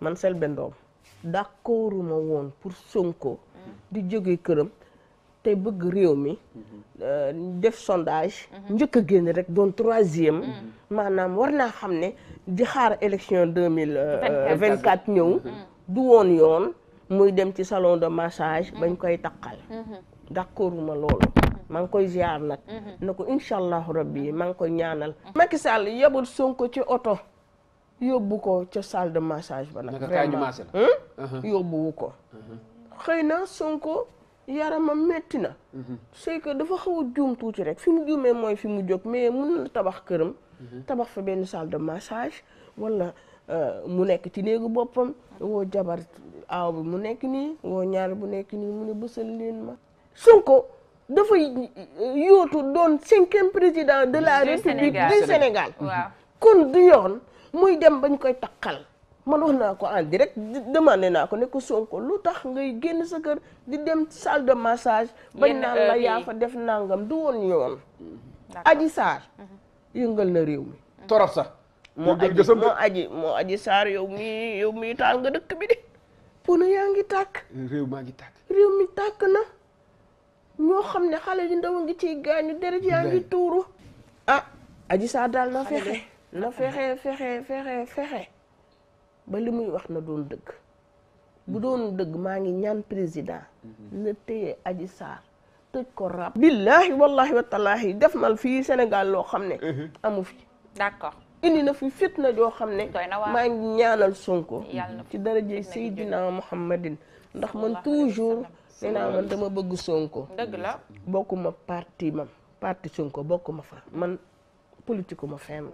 man Selbé Ndom kooruma woon pour Sonko di jóge këram te bëgg réew mi euh, def sondage njëkk génn rek doon troisième maanaam war naa xam ne di xaar élection deux mille euh, vingt quatre ñëw du woon yoon muy dem ci salon de massage bañ koy taqal d'accorduma loolu maa ngi koy ziar nag mm-hmm. na ko incha allahu rabbi maa ngi koy ñaanal Macky yebul Sonko ci oto yóbbu ko ca salle de massage ba nag vraiment uh-huh. yóbbuwu ko uh-huh. xëy na Sonko yaramam metti na uh-huh. c'est dafa xaw a juum tuuti rek fi mu juumee mooy fi mu jóg mais mun na tabax këram tabax fa benn salle de massage wala euh, mu nekk ci néegu boppam wo jabar aw bi mu nekk nii woo ñaar bu nekk nii mu ne bësal leen ma Sonko dafa euh, yootu doon cinquième président de la république du Sénégal kon du yoon muy dem bañ koy takkal man naa ko en direct demandé naa ko ne ko Sonko lu tax ngay génn sa kër di dem salle de massage bañ naan la yaa fa def nangam du woon yoon Adji mhm. na réew mi mhm. torop sax moo aji moo aji yow mi yow taal nga dëkk bi de pono yaa ngi tàkk réew maa ngi tàkk réew mi tàkk na ñoo xam ne xale yu ndaw a ngi ciy gaañu deret yaa ngi tuuru ah aji Sarr daal na fexe na fexe fexe fexe fexe ba li muy wax na doon dëgg bu doon dëgg maa ngi ñaan président mhm. na téye Adji Sarr tëj ko rab billaahi wallaahi wa def mal fii senegal loo xam ne mhm. amu fi d'accord indi na fi fit na joo xam ne maa ngi ñaanal Sonko ci daraje Seydina Muhammadin ndax man toujours nee naa man dama bëgg Sonko dëgg la bokkuma parti mam parti Sonko bokkuma fa man politiku ma fenn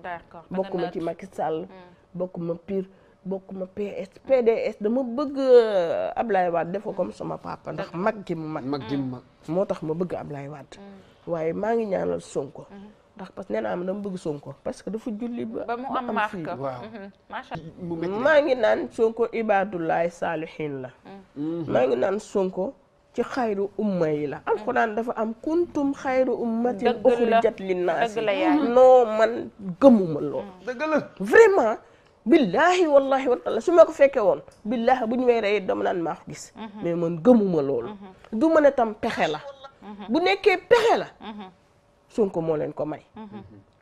bokkuma ci Macky Sall mm. bokkuma pire bokkuma PS PDS dama bëgg euh, Ablaye Wade def ko mm. comme sama papa ndax mag gi mu mag mag gi mu mag mm. moo tax ma bëgg ab lay Wade waaye maa ngi la Sonko mm-hmm. ndax parce que nee naa ma dama bëgg Sonko parce que dafa julli ba mu am fii waaw mm-hmm. maa ngi naan Sonko ibadullahi saalihin la mm-hmm. maa naan Sonko ci xayru umma yi la alxuraan dafa am kuntum xayru ummatin uxrijat linnaasi noo man gëmuma lool mm. dëgg la vraiment billaahi wallahi wa taala su ma ko fekkee woon billaahi bu ñu may rey dama naan maa ko gis mm-hmm. mais man gëmuma loolu mm-hmm. du mën tam pexe la mm-hmm. bu nekkee pexe la Sonko moo leen ko may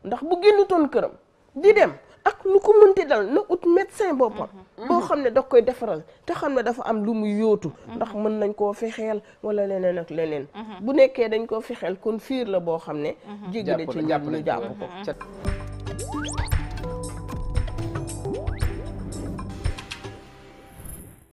ndax bu génnutoon këram di dem ak lu ko mënti dal na ut médecin boppam. Mm-hmm. Mm-hmm. boo xam ne da koy defaral te xam ne dafa am lu mu yootu mm-hmm. ndax mën nañ koo fexeel wala leneen ak leneen. bu nekkee dañ koo fexeel kon fiir la boo xam ne. jéggi na ci ñoom ñu jàpp ko.